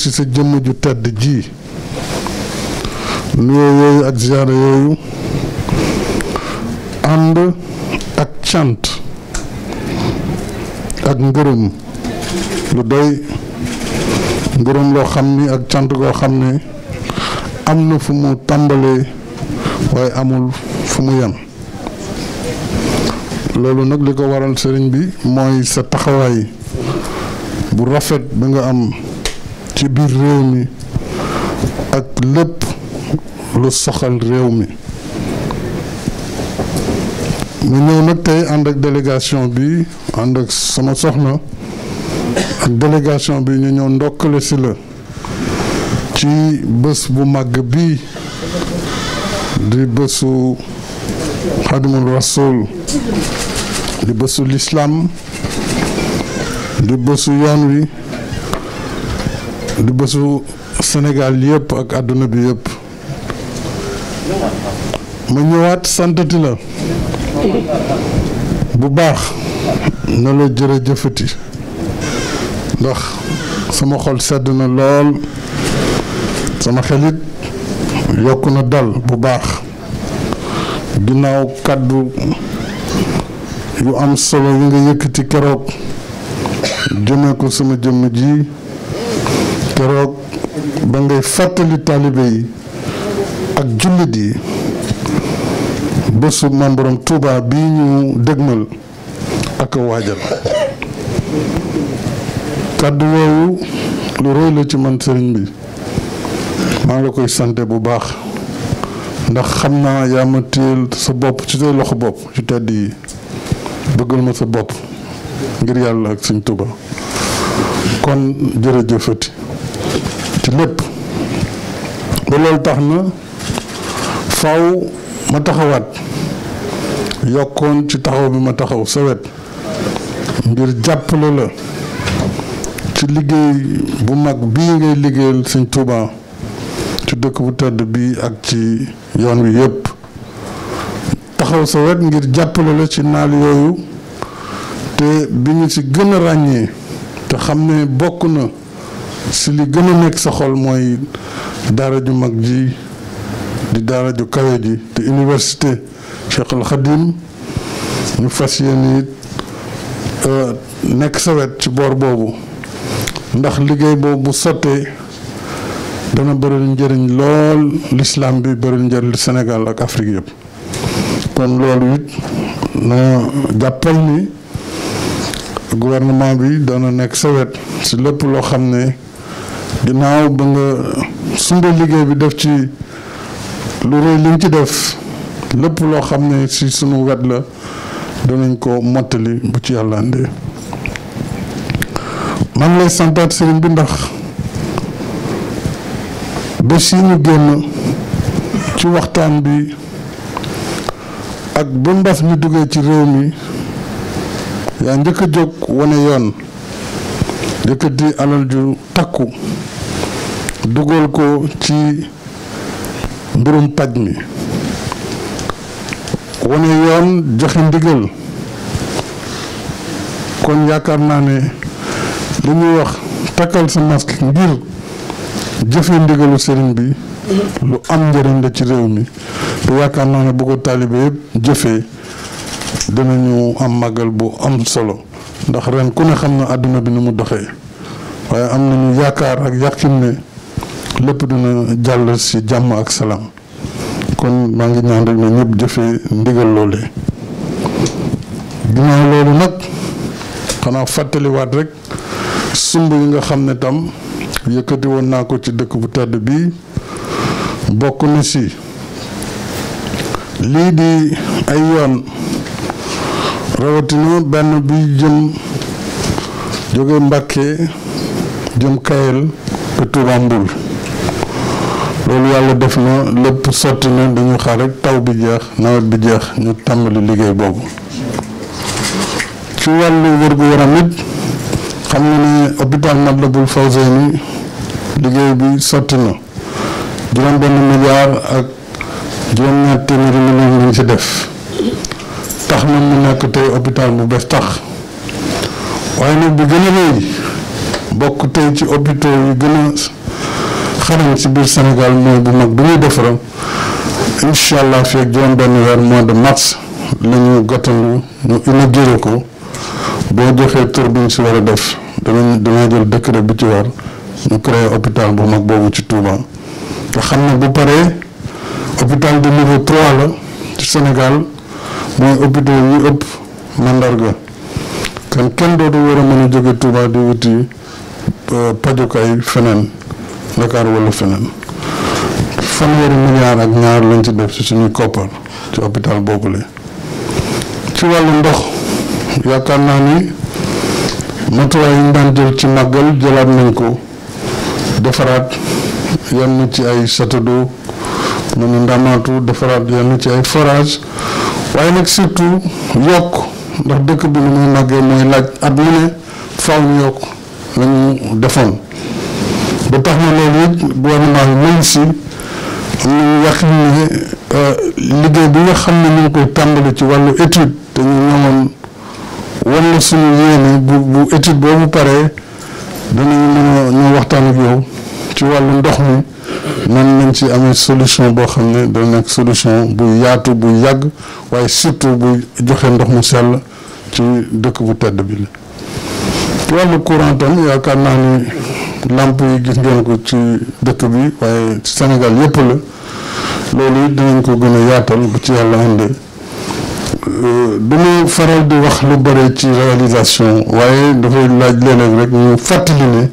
ci sa jëm ju tedd ji nuyo yooyu ak ziyaara yooyu ànd ak cant ak ngërëm lu doy ngërëm loo xam ni ak cant goo xam ne am na fu mu tàmbalee waaye amul fu mu yem loolu nag li ko waral sëriñ bi mooy sa taxawaay bu rafet bi nga am ci biir réew mi ak lépp lu soxal réew mi ñu ñëw nag tey ànd ak délégation bi ànd ak sama soxna ak délégation bi ñu ñëw ndokkale si la ci bés bu màgg bi di bésu xadimul rasul di bésu lislaam di bésu yoon wi du bésu Sénégal yëpp ak àdduna bi yëpp ma ñëwaat santati la bu baax na la jërëjëfati ndox sama xol sedd na lool sama xelit yokk na dal bu baax ginnaaw kàddu yu am solo yi nga yëkkati keroog jëmee ko sama jëmm ji keroog ba ngay fàttali taalibe yi ak jullit yi bésu maam borom Touba bii ñu dëgmal ak waajal kàddu woowu lu rëy ci man sëriñ bi maa ngi la koy sante bu baax ndax xam naa yaa ma sa bopp ci say loxo bopp ci tedd yi bëggal ma sa bopp ngir yàlla ak sëñ Touba kon jërëjëfati ci lépp ba tax na faw ma taxawaat yokkoon ci taxaw bi ma taxaw sa ngir jàppale la ci liggéey bu mag bii ngay liggéeyal Sëñ Tuubaa ci dëkk bu tedd bii ak ci yoon wi yépp taxaw sawet ngir jàppale la ci naal yooyu te bi ñu ci gën a ràññee te xam ne bokk na si li gën a nekk sa xol mooy daara ju mag ji di daara ju kawe ji te université Cheikhul Khadim ñu fas yéene it euh, nekk sawet ci boor boobu ndax liggéey boobu bu sottee dana bëral njëriñ lool lislaam bi bëral njariñ Sénégal ak Afrique yëpp kon loolu it na jàppal ni gouvernement bi dana nekk sa wet si lépp loo xam ne ginnaaw ba nga sumba liggéey bi def ci lu rëy li ci def lépp loo xam ne si sunu wet la danañ ko mottali bu ci yàlla andee man lay santaat sëriñ bi ndax bés yi ñu génn ci waxtaan bi ak ba mbas mi duggee ci réew mi yaa njëkk a jóg wane yoon yëkkati alal ju takku dugal ko ci mbirum paj mi wane yoon joxe ndigal kon yaakaar naa ne li ñuy wax takkal sa masque ngir jëfe ndigalu sëriñ bi lu am njëriñ la ci réew mi te yaakaar naa ne bu ko taalibe yëpp jëfee ñu am magal bu am solo ndax ren ku ne xam na àdduna bi ni mu doxee waaye am na nañu yaakaar ak yàqin ne lépp dina jàll ci jàmm ak salaam kon maa ngi ñaan rek ne ñëpp jëfee ndigal loolee ginnaaw loolu nag xanaa fàttaliwaat rekk sumb yi nga xam ne tam yëkkati woon naa ko ci dëkk bu tedd bi bokk na ci lii di ay yoon rawatina ben bi jëm joge Mbàkke jëm Kayel ko Tuuba Mbul loolu yàlla def na lepp sotti na dañu xaar rek taw bi jeex nawet bi jeex ñu tambali liggéey bobu ci wàllu wër gu wara nit xam nga ni hôpital Matlaboul Fawzeyni liggéey bi sotti na juróom benn milliard ak juróom-ñaar téeméeri million ñu ci def tax na mu nekk tey hôpital bu bees tax waaye nag bi gën a rëy bokk tey ci hôpital yi gën a xarañ ci biir Sénégal mooy bu mag bi ñuy defaram incha allah fii ak juróom benn weer mois de mars la ñu gàttanu ñu ko boo joxee tur bi ñu si war a def danañ dana jël décret bi ci war ñu créé hôpital bu mag boobu ci Touba nga xam ne bu paree hôpital de niveau 3 la ci Sénégal. mooy hôpitaux yi ëpp mandarga kan kenn dootu war a jóge Touba di wuti euh, pajukaay feneen Dakar wala feneen fanweeri milliard ak ñaar lañ ci def ci suñuy koppar ci hôpital boobule ci wàllu ndox yaakaar naa ni matuwaay yi ñu daan jël ci màggal jëlaat nañ ko defaraat yenn ci ay château d'eau mu nu ndamaatu defaraat yenn ci ay forage waaye nag surtout yokk ndax dëkk bi lu muy màggee mooy laaj at mu ne faaw ñu yokk la ñu ba tax na loolu it gouvernement bi mën si am nañu yàqin ne euh, liggéey bi nga xam ne ñu ngi koy tàmbali ci wàllu étude te ñu ñëwoon wan la suñu yéene bu bu étude boobu paree danañ mën a ñu waxtaan yow ci wàllu ndox mi. nan nañ ci amee solution boo xam ne dana nekk solution bu yaatu bu yàgg waaye surtout bu joxe ndox mu sell ci dëkk bu tedd bi la. ci courant tam yaakaar naa ni làmp yi gis ngeen ko ci dëkk bi waaye ci Sénégal yëpp la loolu it dinañ ko gën a yaatal bu ci yàlla àndee. Euh, duma faral di wax lu bëri ci réalisation waaye dafay laaj leneen rek ñu fàttali ne.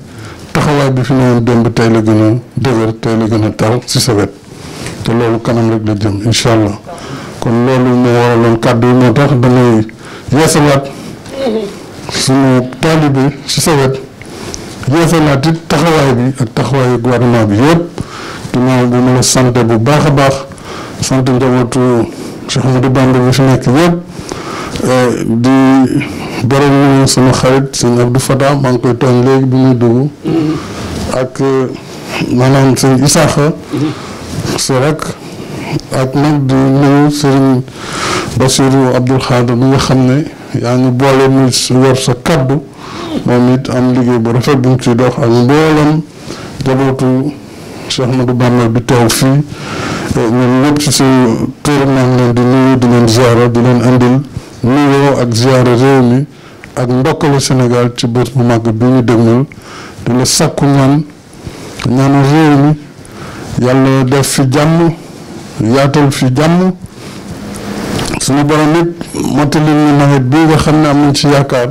taxawaay bi fi newoon démb tey la gën a dëgër tey la gën a tar si sawet te loolu kanam rek la jëm incha allah kon loolu moo waraloon kàddu yi moo tax damay yeesalaat suñu taalibe si sa yeesalaat it taxawaay bi ak taxawaayu gouvernement bi yëpp ginnaaw bi ma la sant bu baax a baax sant njabootu Cheikh Amadou Bamba bi fi nekk yëpp eh, di borom ñu sama xarit sëñ Abdou fada maa ngi koy tooñ léegi bi muy dugg ak maanaam sëñ Isaaxa si rek ak nag di nuyu sëriñ Basiru Abdul Xaadir bi nga xam ne yaa ngi boole muy yor sa kaddu moom it am liggéey bu rafet bu mu ciy dox ak mboolam jabootu Cheikh Madou Bamba bi teew fii eh, ñun ñëpp ci sa tur maa ngi leen di nuyu di leen ziara di leen andil nuyoo ak ziyaara réew mi ak ndokkalu Sénégal ci bët bu mag bi ñu dégmal di la sàkku ñaan ñaanu réew mi yàlla def fi jàmm yaatal fi jàmm suñu borom it mottali ñu nawet bi nga xam ne am nañ ci yaakaar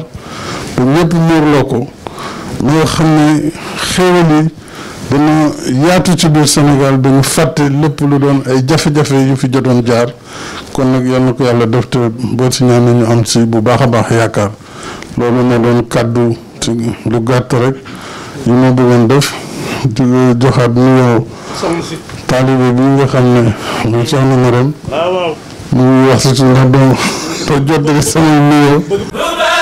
bu ñëpp muurloo ko mi nga xam ne xéewal yi dana yaatu ci biir Sénégal dañu fàtte lépp lu doon ay jafe-jafe yu fi jotoon jaar kon nag yal na ko yàlla def te boo si ñaanee ñu am si bu baax a baax yaakaar loolu moo doon kàddu ci lu gàtt rek yu ma bëggoon def di joxaat nga xam ne mu soxna Marème mu ngi wax si suñu ndax doo doo jot sama nuyoo